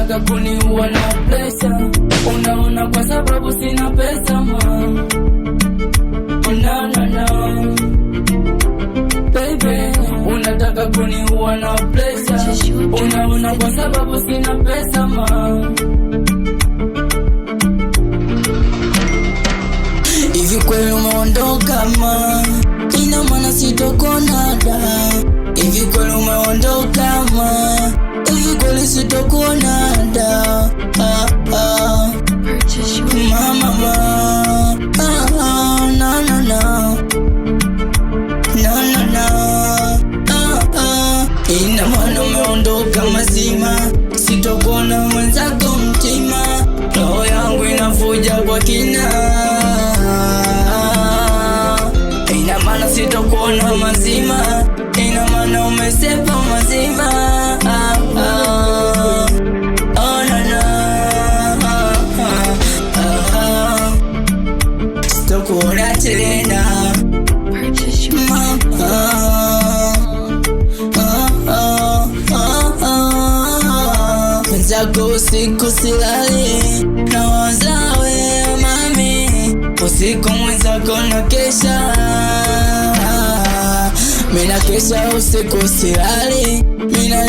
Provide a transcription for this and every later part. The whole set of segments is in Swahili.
unataka kuniua na pressure, unaona kwa sababu sina pesa ma unataka kuniua na pressure, unaona kwa sababu sina pesa ma sitokona mwenzako mtima, roho yangu inavuja kwa kina, ina maana sitokuona mazima, ina maana umesepa mazima zako usiku silali, nawaza wewe mami, usiku mwenzako na kesha, mina kesha usiku silali, mina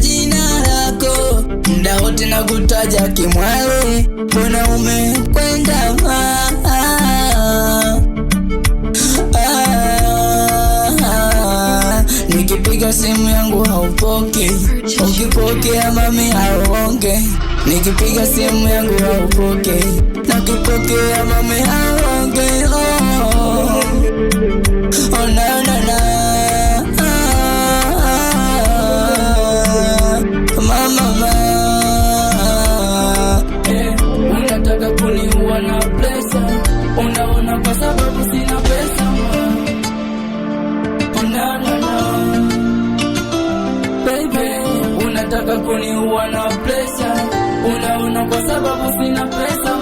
jina lako muda wote na kutaja kimwali, mbona umekwenda mbali simu yangu haupoke, ukipokea mami hauonge, nikipiga simu yangu haupoke, nakipokea mami hauonge. Oh. oh, na, na, na. Eh, Unaona kwa sababu sina pesa. Oh, baby, unataka kuniua na pesa, unaona kwa sababu sina pesa